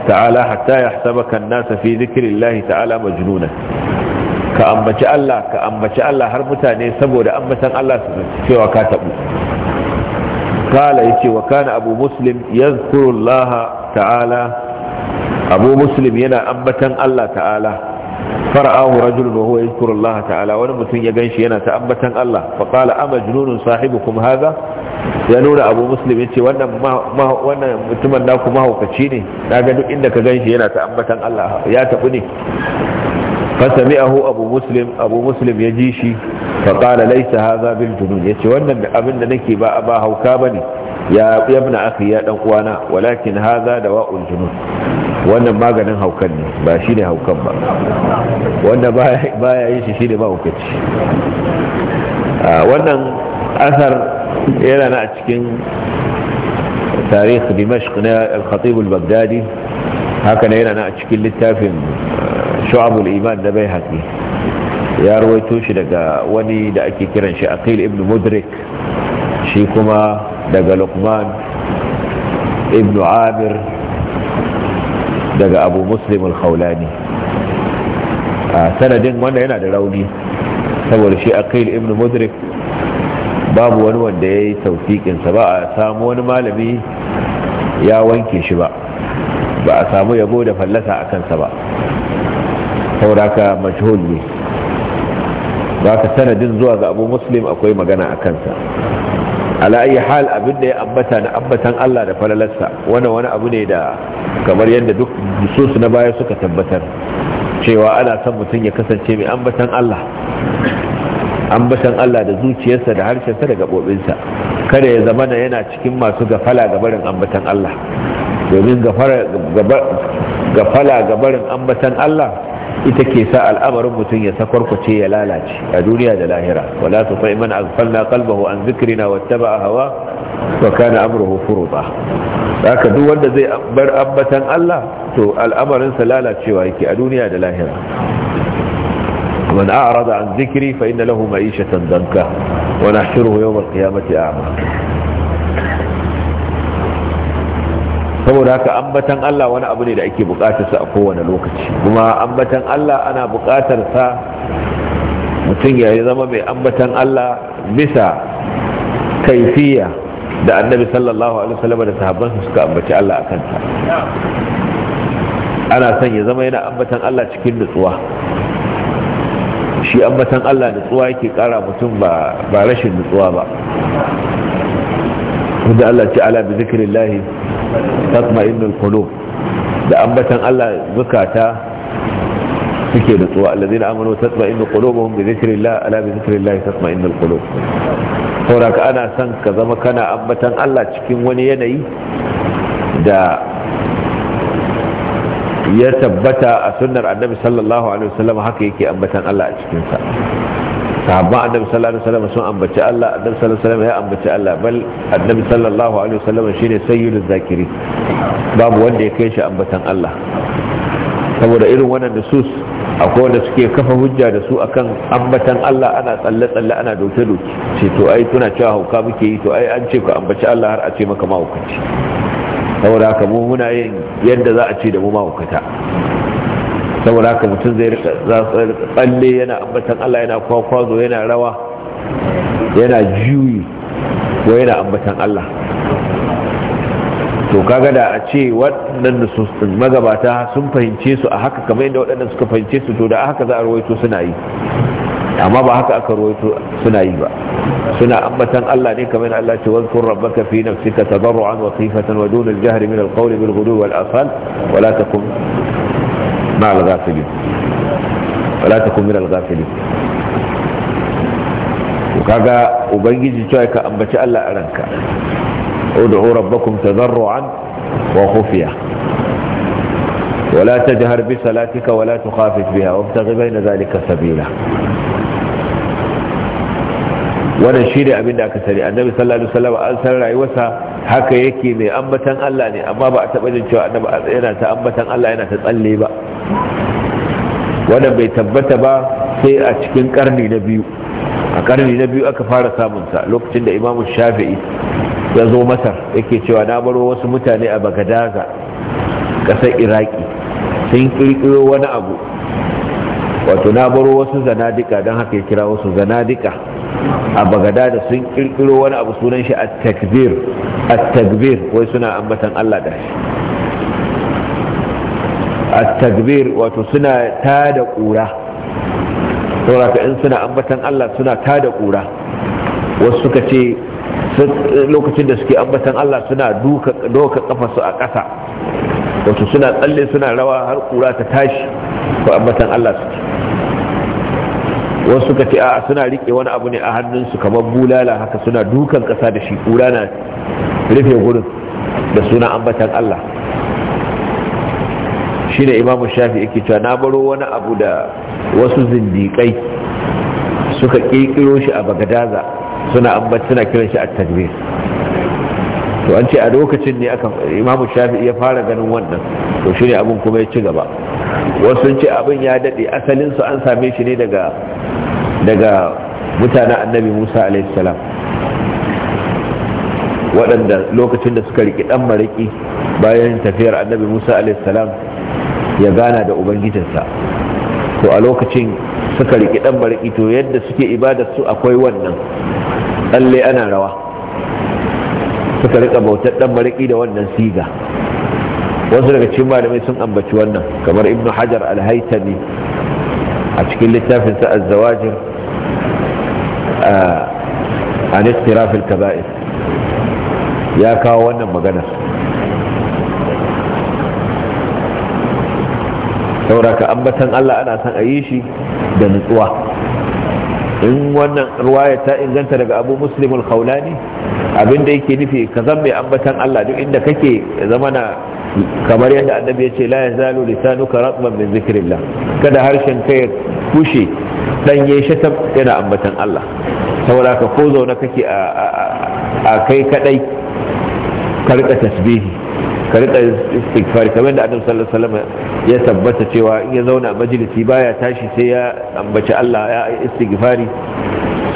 ta'ala hatta ta'ala majnuna ka ambaci Allah ka ambaci Allah har mutane saboda ambatan Allah su cewa ka tabu kala yace wa kana abu muslim yadhkuru Allah ta'ala abu muslim yana ambatan Allah ta'ala fara'ahu rajulun wa huwa yadhkuru Allah ta'ala wani mutum ya ganshi yana ta ambatan Allah fa qala ama jununun sahibukum hadha ya nuna abu muslim yace wannan wannan mutumin naku mahaukaci ne daga duk inda ka ganshi yana ta ambatan Allah ya tabu ne fasami'ahu abu muslim ya ji shi fa qala laysa hadha bil junun yace wannan abinda nake ba ba hauka bane ya yabna akhi ya dan uwana walakin haza da junun wannan maganin haukan ne ba shine haukan ba wanda baya yin shi shine ba hukaci wannan asar yana na cikin tarikh dimashq na al-khatib al haka ne yana na cikin littafin shu'abul iman da bai haƙi ya rawaito shi daga wani da ake kiran shi aqil ibn mudrik shi kuma daga luqman ibn amir daga abu muslim al-khawlani a sanadin wanda yana da rauni saboda shi aqil ibn mudrik babu wani wanda ya yi tausikinsa ba a samu wani malami ya wanke shi ba ba a samu yabo da fallasa a kansa ba sauraka mashhul ne ba ka sanadin zuwa ga abu muslim akwai magana a kansa ala'ayi hal abin da ya ambata na ambatan Allah da falalarsa wani wani abu ne da kamar yadda duk su na baya suka tabbatar cewa ana son mutum ya kasance mai ambatan Allah ambatan Allah da zuciyarsa da harshensa da gaɓoɓinsa kada ya zamana yana cikin masu gafala gabarin ambatan Allah domin gafala gabarin ambatan Allah ita ke sa al'amarin mutum ya sakwarkwace ya lalace a duniya da lahira wala tu ta'i man aghfalna qalbahu an zikrina wattaba'a hawa wa kana amruhu furuta haka duk wanda zai bar ambatan Allah to al'amarin sa lalacewa yake a duniya da lahira man a'rada an zikri fa inna lahu ma'ishatan danka wa nahshuruhu yawm al-qiyamati a'ma saboda haka ambatan Allah wani abu ne da ake bukatar sa a kowane lokaci kuma ambatan Allah ana bukatar sa mutum ya zama mai ambatan Allah bisa kaifiya da annabi sallallahu alaihi wasallam da sahabban suka ambaci Allah a kanta ana son ya zama yana ambatan Allah cikin nutsuwa shi ambatan Allah nutsuwa yake kara mutum ba ba rashin nutsuwa ba wanda Allah ce ala bi zikrillahi tatma'innul qulub da ambatan Allah zukata suke da tsuwa allazina amanu tatma'innu qulubuhum bi dhikrillah ala bi dhikrillah tatma'innul qulub saboda ka ana son ka zama kana ambatan Allah cikin wani yanayi da ya tabbata a sunnar annabi sallallahu alaihi wasallam haka yake ambatan Allah a cikinsa sahabba annabi sallallahu alaihi wasallam sun ambaci Allah annabi sallallahu alaihi ya ambaci Allah bal annabi sallallahu alaihi wasallam shine sayyidul zakiri babu wanda ya kai shi ambatan Allah saboda irin wannan nusus akwai wanda suke kafa hujja da su akan ambatan Allah ana tsalle tsalle ana doke doke ce to ai kuna cewa hauka muke yi to ai an ce ku ambaci Allah har a ce maka mahaukaci saboda haka mu muna yin yadda za a ce da mu mahaukata saboda haka mutum zai rika tsalle yana ambatan Allah yana kwakwazo yana rawa yana juyi ko yana ambatan Allah to kaga da a ce waɗannan nususun magabata sun fahimce su a haka kamar yadda waɗannan suka fahimce su to da haka za a rawaito suna yi amma ba haka aka rawaito suna yi ba suna ambatan Allah ne kamar Allah ce wazkur rabbaka fi nafsika tadarruan wa khifatan wa dun al-jahri min al-qawli bil ghudwi wal asal wa la takun مع الغافلين ولا تكن من الغافلين ubangiji cewa ka ambaci Allah a ranka ud'u rabbakum ولا تجهر بصلاتك ولا تخافت بها وابتغ بين ذلك سبيلا wannan shine abin da aka sani annabi sallallahu alaihi wasallam an san rayuwarsa haka yake mai ambatan Allah ne amma ba a taba jin cewa annabi yana ta ambatan Allah yana ta tsalle ba wanda bai tabbata ba sai a cikin karni na biyu a karni na biyu aka fara samunsa lokacin da imamu shafi'i ya zo masar yake cewa na baro wasu mutane a bagadaza kasar iraki sun ƙirƙiro wani abu wato na baro wasu zanadika don haka ya kira wasu zanadika a bagada sun kirkiro wani abu sunan shi at-takbir takbir wai suna ambatan Allah da shi A takbir wato suna tada kura saboda in suna ambatan Allah suna tada kura wasu suka ce lokacin da suke ambatan Allah suna duka doka kafasu a ƙasa wato suna tsalle suna rawa har kura ta tashi ko ambatan Allah suke wasu suka ce a suna rike wani abu ne a hannunsu kamar bulala haka suna dukan ƙasa da shi kura na rufe gurin da suna ambatan Allah shi ne imamu shafi yake cewa na baro wani abu da wasu zindikai suka ƙirƙiro shi a bagadaza suna ambat kiran shi a takbir to an ce a lokacin ne aka imamu shafi ya fara ganin wannan to shi ne abin kuma ya ci gaba wasu ce abin ya daɗe asalinsu an same shi ne daga mutanen annabi musa salam waɗanda lokacin da suka riƙi ɗan mariki bayan tafiyar annabi musa salam ya gana da ubangijinsa to a lokacin suka riƙi ɗan mariki to yadda suke ibadar su akwai wannan tsalle ana rawa suka riƙa bautar ɗan mariki da wannan siga wasu daga cikin malamai sun ambaci wannan kamar ibnu hajar alhaitami a cikin littafin sa azzawajin a nistirafin kaba'ir ya kawo wannan magana sauraka ambatan Allah ana son a yi shi da nutsuwa in wannan ruwaya ta inganta daga abu muslim al-khawlani abinda yake nufi ka zan mai ambatan Allah duk inda kake na kamar yadda annabi ya ce la lisanu ka ratman min zikrillah kada harshen ya kushe dan yayi yana ambatan Allah saboda ka ko zauna kake a kai kadai ka rika tasbihi ka rika istighfar kamar da annabi sallallahu alaihi wasallam ya tabbata cewa in ya zauna a majalisi baya tashi sai ya ambaci Allah ya istighfari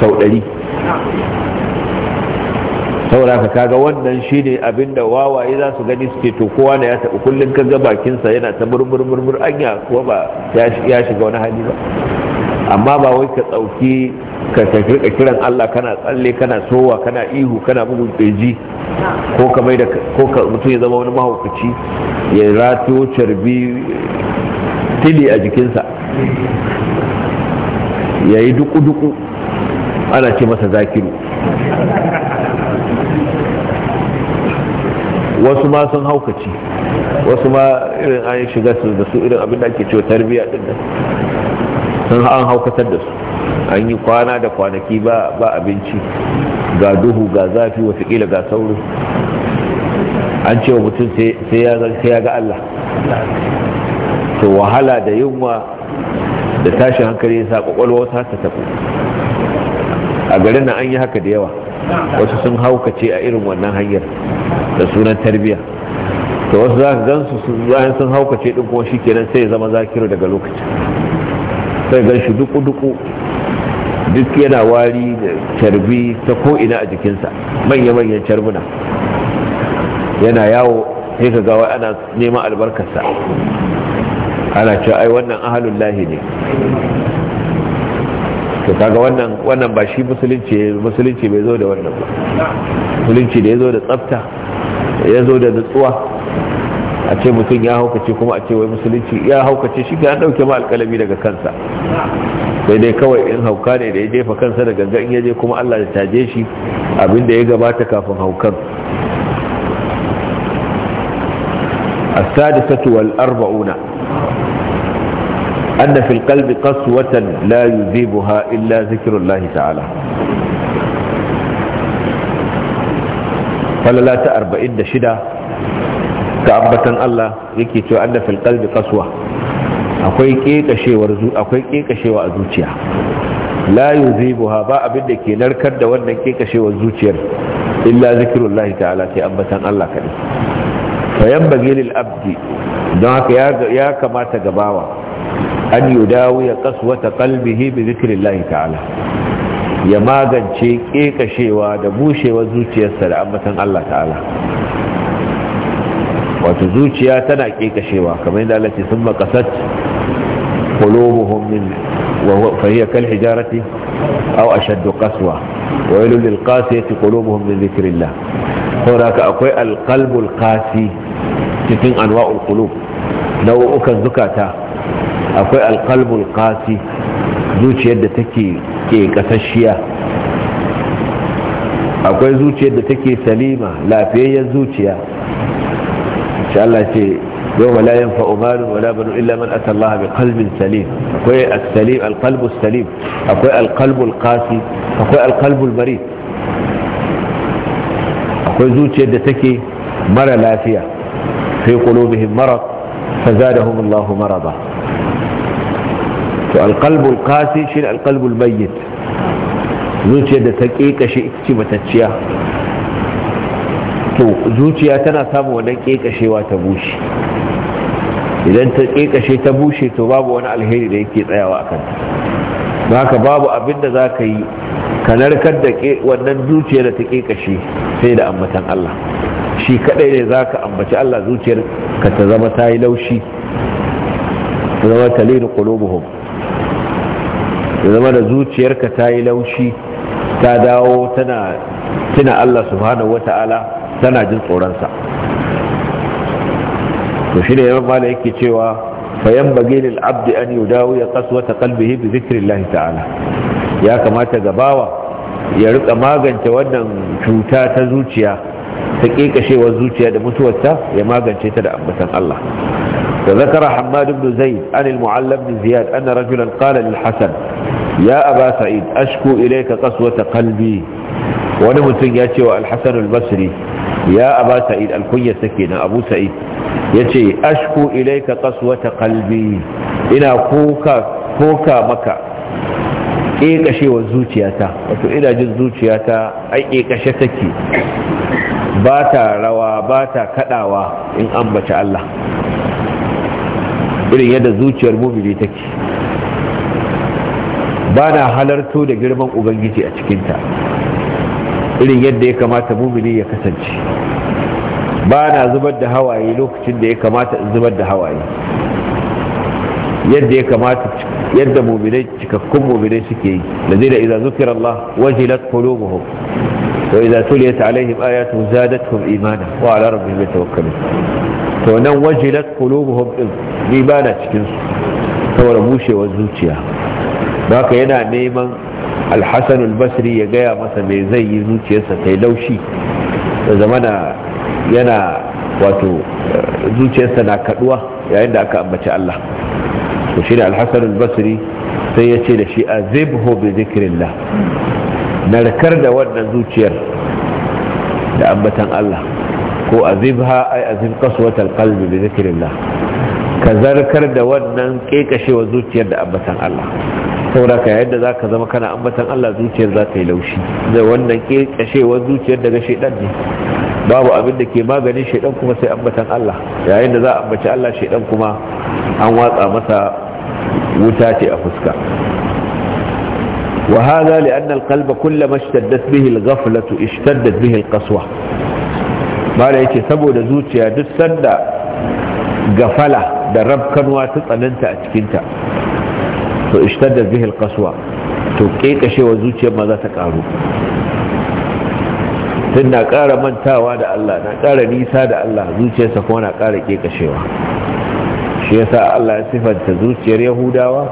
sau 100 saboda ka kaga wannan shine abinda wawaye za su gani suke to kowa na ya taɓa kullun ka ga bakinsa yana ta murmur anya ko ba ya shiga wani hali ba amma ba wai ka tsauki ka tafi da kiran Allah kana tsalle kana sowa kana ihu kana bugun tseji ko ka mai da ko ka mutum ya zama wani mahaukaci ya rato carbi tili a jikinsa ya yi duku-duku ana ce masa zakiru wasu ma sun haukaci wasu ma irin an shiga su da su irin abin da ake cewa tarbiyya din nan sun an haukatar da su an yi kwana da kwanaki ba abinci ga duhu ga zafi watakila ga sauri an ce wa mutum sai ya ga Allah to wahala da yunwa da tashin hankali ya sa ƙwalwa wasu ta tafi a garin na an yi haka da yawa wasu sun haukace a irin wannan hanyar da sunan tarbiyya to wasu za ka gan su bayan sun haukace din kuma shi kenan sai ya zama zakiru daga lokacin sai gan shi duku-duku duk yana wari da carbi ta ko'ina a jikinsa manya-manyan carbuna yana yawo sai ka gawa ana neman albarkarsa ana ce ai wannan ahalun lahi ne to kaga wannan wannan ba shi musulunci musulunci bai zo da wannan ba musulunci da ya zo da tsafta ya zo da nutsuwa a ce mutum ya haukace kuma a ce wai musulunci ya haukace shi ke an ɗauke ma alkalami daga kansa sai dai kawai in hauka ne da ya jefa kansa daga ganga ya je kuma allah ya taje shi abin da ya gabata kafin haukan السادسة والأربعون أن في القلب zai buha illa إلا ذكر الله تعالى فلا لا تأربئن ga ambatan Allah yake cewa anna fil qalbi qaswa akwai kekashewar akwai kekashewa a zuciya la yuzibuha ba abin da ke narkar da wannan kekashewar zuciyar illa zikrullah ta'ala sai ambatan Allah kadai fa yanbaghi lil abdi don haka ya kamata gabawa an yudawiya qaswata qalbihi bi zikrillah ta'ala ya magance kekashewa da bushewar zuciyarsa da ambatan Allah ta'ala wato zuciya tana kekashewa kamar yadda Allah ya ce sun makasat qulubuhum min wa fahiya kal hijarati aw ashaddu qaswa wa wailul lil qasiyati qulubuhum min dhikrillah saboda akwai alqalbul qasi cikin anwa'ul qulub nau'ukan zukata akwai alqalbul qasi zuciyar da take ke kasashiya akwai zuciyar da take salima lafiyayyar zuciya shi Allah ce yau la yanfa'u malun wala banu illa man ata Allah bi qalbin salim akwai as-salim al-qalbu salim akwai al-qalbu al-qasi akwai al-qalbu al-marid akwai zuciyar da take mara lafiya fi qulubihim marad fazadahum Allah marada to al-qalbu al-qasi shi al-qalbu al-mayyit zuciyar da take kekashi ita ce matacciya to zuciya tana samu wannan ƙeƙashewa ta bushe idan ta ƙeƙashe ta bushe to babu wani alheri da yake tsayawa a kanta ba ka babu abin da za ka yi ka narkar da wannan zuciya da ta ƙeƙashe sai da ambatan Allah shi kadai ne za ka ambaci Allah zuciyar ka ta zama ta yi laushi ta zama ta lini ƙulubuhum ta zama da zuciyarka ta yi laushi ta dawo tana tuna Allah subhanahu wa ta'ala tana jin tsoronsa to shi ne yawan mala yake cewa fayan bagini al'abdi an dawo ya kasu wata kalbihi bi zikirin ta'ala ya kamata ga bawa ya rika magance wannan cuta ta zuciya ta kekashewar zuciya da mutuwarta ya magance ta da ambatan Allah da zakara hamad ibn zayd an al-mu'allab ziyad anna rajulan qala lil hasan ya aba sa'id ashku ilayka qaswata qalbi wani mutum ya ce wa al-hasan basri ya aba sa'id alkunya sake na abu sa'id ya ce ashku ilaika kasuwata kalbi ina koka maka ƙeƙashewa zuciyata wato ina jin zuciyata an ƙeƙashe take ba ta rawa ba ta kaɗawa in baci Allah irin yadda zuciyar mumini take ba na halarto da girman ubangiji a cikinta irin yadda ya kamata mumini ya kasance ba na zubar da hawaye lokacin da ya kamata in zubar da hawaye yadda ya kamata yadda muminai cikakkun muminai suke yi da zai da idan zukira Allah waje wajilat qulubuhum wa idza tuliyat alaihim ayatu zadatuhum imana wa ala rabbihim yatawakkalun to nan wajilat qulubuhum din ni ba na cikin saboda bushewar zuciya haka yana neman alhassan albasri ya gaya masa mai zai yi zuciyarsa ta yi laushi da zamana yana wato eh, zuciyarsa na kaduwa yayin da aka ambaci Allah to shi da alhassan albasri sai ya ce da shi a zibho bi zikirillah narkar da wannan zuciyar da ambatan Allah ko a zibha ai a zib kasuwatar kalbi bi zikirillah ka zarkar da wannan kekashewa zuciyar da ambatan Allah sauraka yadda za ka zama kana ambatan Allah zuciyar za ta yi laushi zai wannan ƙashewar zuciyar daga shaidan ne babu abin da ke maganin shaidan kuma sai ambatan Allah yayin da za a ambaci Allah shaidan kuma an watsa masa wuta ce a fuska wa haza li anna alqalba kullama ishtaddat bihi alghaflatu ishtaddat bihi alqaswa mala saboda zuciya duk sanda gafala da rabkanwa ta tsananta a cikinta To ishtar da bihil kasuwa to kekashewa zuciyar ma za ta karu tun na ƙara mantawa da Allah na ƙara nisa da Allah zuciyarsa kuma na ƙara kekashewa shi yasa Allah ya sifanta zuciyar Yahudawa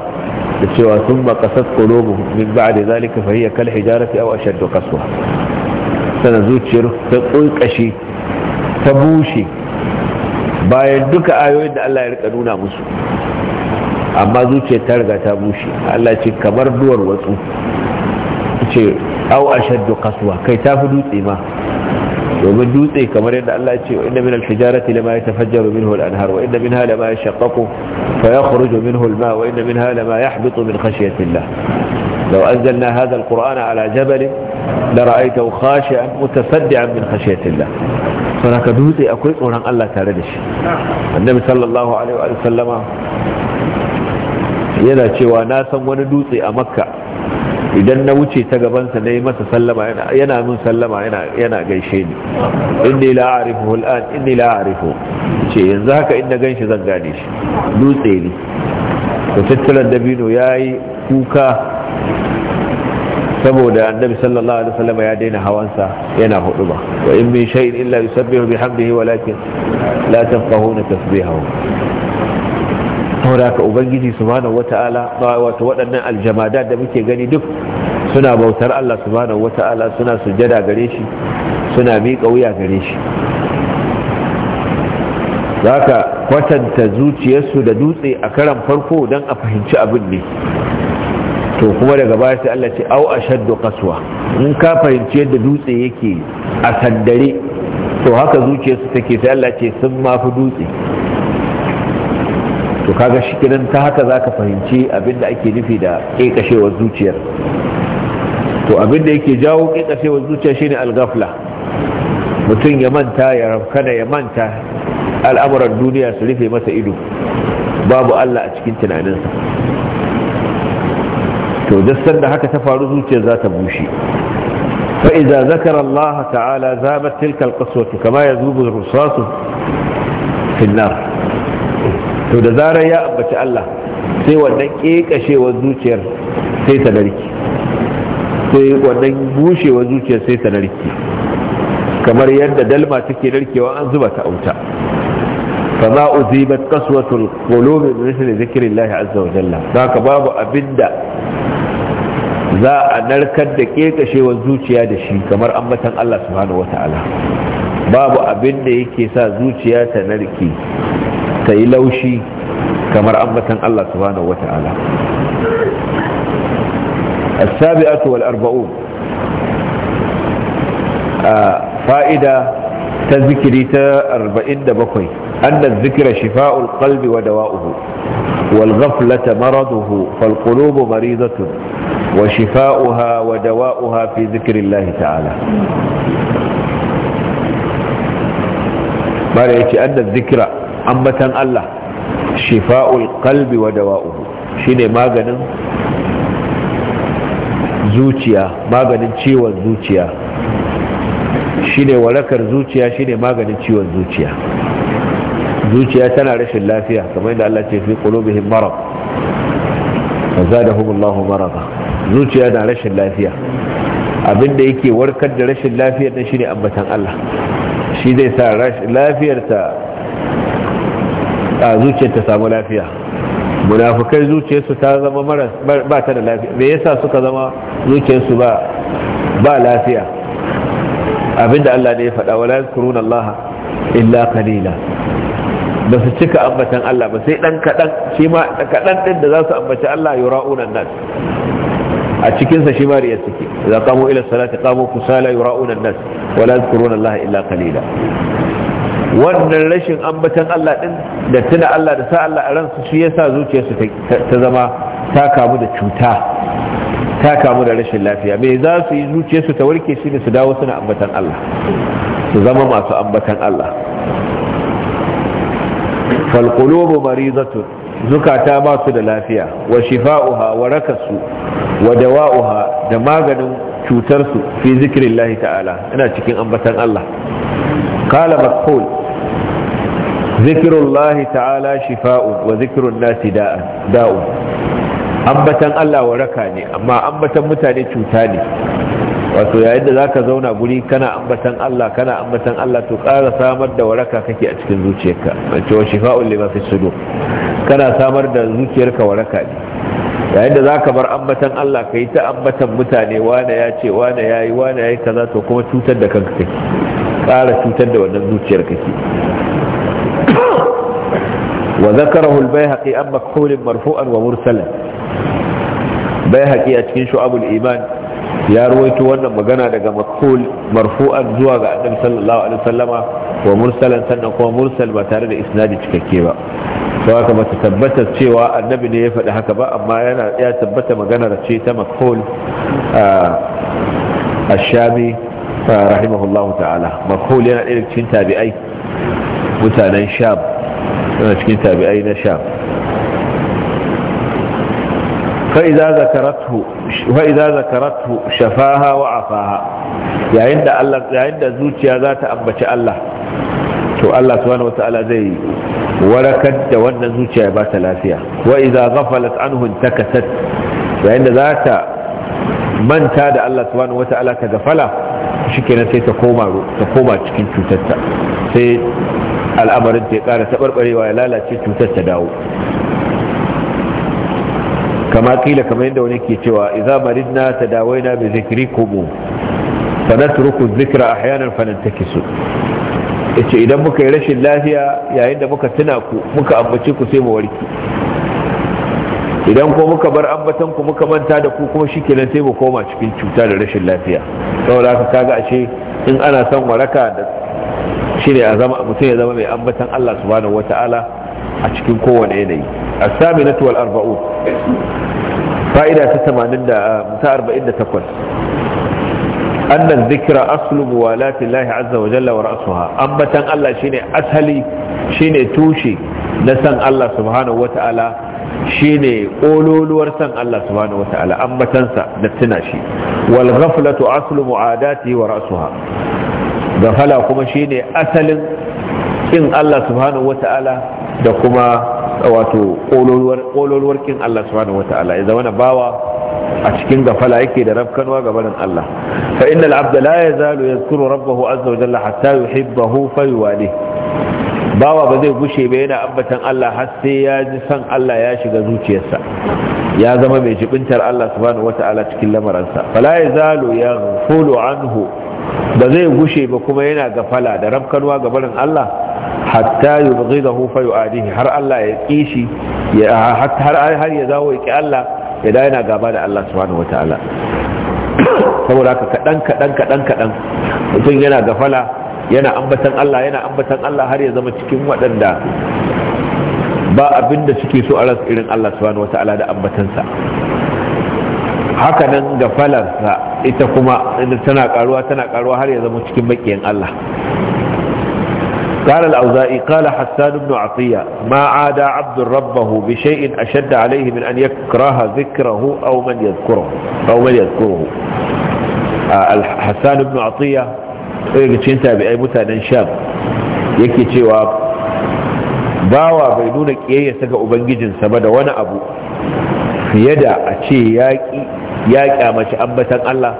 da cewa sun makasar kolobu min ba'da zalika fa hiya kal hijarati aw ashaddu kasuwa. sana zuciyar ta kulkashi ta bushe bayan duka ayoyin da Allah ya rika nuna musu amma zuciyar ta riga ta bushe Allah ce kamar duwar watsu ce au ashaddu qaswa kai ta fi dutse ma domin dutse kamar yadda Allah ce inna min al-hijarati lama yatafajjaru minhu al-anhar wa inna minha lama yashaqqaqu fa yakhruju minhu al-ma wa inna minha lama yahbitu min khashyati Allah law anzalna hadha al-qur'ana ala jabalin لرأيته خاشعا متصدعا من خشية الله فهناك دوزي أكويت وران الله تعالى النبي صلى الله عليه وآله وسلم yana cewa na san wani dutse a makka idan na wuce ta gabansa na yi masa sallama yana min sallama yana gaishe ni inni la arifu hul'an inni la arifu ce yanzu haka inda ganshi zan gane shi dutse ne da tattalin dabino ya yi kuka saboda annabi sallallahu alaihi wasallam ya daina hawansa yana hudu ba wa in min shay'in illa yusabbihu bihamdihi walakin la tafqahuna tasbihahu saboda ka ubangiji subhanahu wata'ala wato waɗannan aljamada da muke gani duk suna bautar Allah subhanahu wata'ala suna sujada gare shi suna miƙa wuya gare shi zaka kwatanta zuciyarsu da dutse a karan farko don a fahimci abin ne to kuma daga baya sai Allah ce au ashaddu qaswa in ka fahimci yadda dutse yake a sandare to haka zuciyarsu take sai Allah ce sun mafi dutse to kaga shi kiran ta haka zaka fahimci abinda ake nufi da kekashewar zuciyar to abinda yake jawo kekashewar zuciya shine al-ghafla mutum ya manta ya rafkana ya manta al'amuran duniya su rufe masa ido babu Allah a cikin tunaninsa to dastar da haka ta faru zuciyar za ta bushe فإذا ذكر الله تعالى ذابت تلك القسوة كما يذوب الرصاص في النار to da zarar ya ambaci Allah sai wannan kekashewar zuciyar sai ta narki sai wannan bushewar zuciyar sai ta narki kamar yadda dalma take narkewa an zuba ta auta فما أذيبت قسوة القلوب بمثل ذكر الله عز وجل ذاك باب أبدا za a narkar da ƙeƙashewar zuciya da shi kamar ambatan Allah subhanahu babu abin da yake sa zuciya ta narke ta yi laushi kamar ambatan Allah subhanahu wata'ala as-sabi'atu wal arba'un fa'ida ta zikiri ta 47 anna dhikra shifa'ul qalbi wa dawa'uhu wal ghaflata maraduhu fal qulubu maridatun wa shifa'uha wa dawa'uha fi dhikrillah ta'ala bare yace anna dhikra ambatan Allah shifa'ul qalbi wa dawa'uhu shine maganin zuciya maganin ciwon zuciya shine warakar zuciya shine maganin ciwon zuciya zuciya tana rashin lafiya kamar yadda Allah ce fi qulubihim marad fazadahum Allahu marada zuciya na rashin lafiya abinda yake warkar da rashin lafiyar nan shine ambatan Allah shi zai sa lafiyar ta a zuciyar ta samu lafiya munafukai su ta zama ba ta da lafiya me yasa suka zama zuciyarsu ba ba lafiya abinda Allah ne ya faɗa wala yadhkuruna Allah illa qalila ba su cika ambatan Allah ba sai dan kadan shi ma kadan din da za su ambaci Allah yura'una nas a cikin sa shi ma riya suke idza qamu ila salati qamu kusala yura'una nas wala yadhkuruna Allah illa qalila wannan rashin ambatan Allah din da tuna Allah da sa Allah a ransu shi yasa zuciyarsu ta zama ta kamu da cuta ta kamu da rashin lafiya me za su yi zuciyarsu ta warke shi ne su dawo suna ambatan Allah su zama masu ambatan Allah fal qulubu zukata ba su da lafiya wa shifa'uha wa rakasu wa dawa'uha da maganin cutarsu fi zikirillahi ta'ala ina cikin ambatan Allah kala makhul zikirullahi ta'ala shifa'un wa zikirun nasi da'un ambatan Allah waraka ne amma ambatan mutane cuta ne wato yayin da ka zauna guri kana ambatan Allah kana ambatan Allah to ƙara samar da waraka kake a cikin zuciyarka wato shifa'un lima fi sudur kana samar da zuciyarka waraka ne yayin da ka bar ambatan Allah kai ta ambatan mutane wane ya ce wane yayi wane yayi kaza to kuma cutar da kanka kake ƙara cutar da wannan zuciyar kake وذكره البيهقي أم مكحول مرفوعا ومرسلا بيهقي أتكين شعب الإيمان يا رويت وانا مغنى لك مكحول مرفوعا زواغ النبي صلى الله عليه وسلم ومرسلا سنة ومرسل ما تارد إسناد تككيبا فهك ما تثبتت شيء النبي نيفة لحكا بقى أما أنا يا ثبت مغنى شيء مكحول آه الشامي آه رحمه الله تعالى مكحول ينا إلك شين تابعي متانا شاب suna cikin tabi'ai na sha fa'iza zakaratu shafaha wa afaha yayin da zuciya za ta ambaci Allah to Allah subhanahu wata'ala zai warakar da wannan zuciya ba ta lafiya wa'iza ghafalat ta takasat yayin da za ta manta da Allah subhanahu wata'ala ta gafala shikenan sai ta koma cikin cutarta sai al'amarin ta ya ƙara taɓarɓarewa ya lalace cutar ta dawo kama kila kamar yadda wani ke cewa iza maridna ta zikiri tadawaina bi rukun zikira a hayanar ahyanan su. Ya ce idan muka yi rashin lafiya yayin da muka tuna ku muka ambaci ku sai mu warki idan ko muka bar ambatan ku muka manta da ku kuma shikenan sai mu koma cikin cuta da rashin lafiya saboda haka kaga ashe in ana son waraka da shine a zama mutum ya zama mai ambatan Allah subhanahu wata'ala a cikin kowane yanayi as-saminatu wal arba'un fa'ida ta 80 da ta 48 annan dhikra aslu muwalati lahi azza wa jalla wa ra'suha ambatan Allah shine asali shine tushe na san Allah subhanahu wata'ala shine ƙololuwar san Allah subhanahu wata'ala ambatansa da tuna shi wal ghaflatu aslu mu'adati wa ra'suha gafala kuma shine asalin kin Allah subhanahu wata'ala da kuma wato kololuwar kin Allah subhanahu wata'ala ya zama bawa a cikin gafala yake da rafkanwa gabanin Allah fa al abda la yazalu yadhkuru rabbahu azza wa jalla hatta yuhibbahu fa yuwali bawa ba zai gushe ba yana abbatan Allah har sai ya ji san Allah ya shiga zuciyarsa ya zama mai jibintar Allah subhanahu wata'ala cikin lamaransa la yazalu yaghfulu anhu ba zai gushe ba kuma yana gafala da ramkanuwa ga barin Allah hatta yubghidahu fa yu'adihi har Allah ya kishi ya har har ya zawo ya ki Allah ya da yana gaba da Allah subhanahu wataala saboda haka kadan kadan kadan kadan mutum yana gafala yana ambatan Allah yana ambatan Allah har ya zama cikin waɗanda ba da suke so a ras irin Allah subhanahu wataala da ambatansa hakanan gafalarsa ita kuma tana karuwa tana karuwa har ya zama cikin makiyan Allah قال الأوزائي قال حسان بن عطية ما عاد عبد ربه بشيء أشد عليه من أن يكره ذكره أو من يذكره أو من يذكره حسان بن عطية bawa bai nuna ƙiyayyarsa ga ubangijinsa ba da wani abu fiye da a ce ya kyamaci ambatan Allah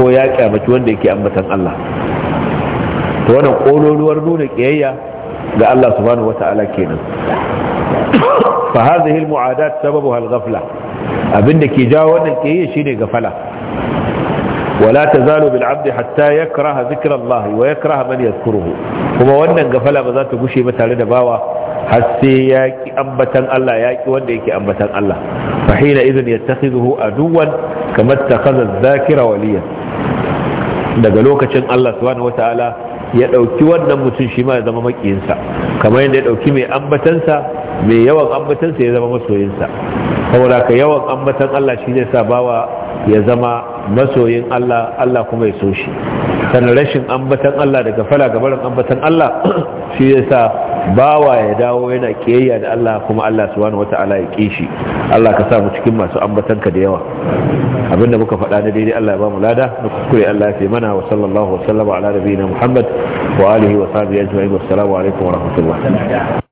ko ya kyamaci wanda yake ambatan Allah to wannan kololuwar nuna kiyayya ga Allah subhanahu wata'ala kenan fa hadhihi almu'adat sababuha Abin abinda ke jawo wannan kiyayya shine gafala wala tazalu bil abdi hatta yakraha zikra Allah wa yakraha man yadhkuruhu kuma wannan gafala ba za ta bushe ba tare da bawa har sai ya ambatan Allah ya ki wanda yake ambatan Allah fa hina idhan yattakhidhu aduwan kama takhadha adh-dhakira waliyan daga lokacin Allah subhanahu wataala ya dauki wannan mutum shi ma ya zama makiyinsa kamar yadda ya dauki mai yawan ambatansa ya zama masoyinsa saboda yawan ambatan Allah shi zai sa bawa ya zama masoyin Allah Allah kuma ya so shi sannan rashin ambatan Allah daga fala ga barin ambatan Allah shi yasa bawa ya dawo yana kiyayya da Allah kuma Allah wata ala ya ki shi Allah ka sa cikin masu ambatan ka da yawa abinda muka faɗa na daidai Allah ya ba mu lada na kuskure Allah ya fi mana wa sallallahu wa sallama ala nabiyina Muhammad wa alihi wa sahbihi ajma'in alaikum wa rahmatullah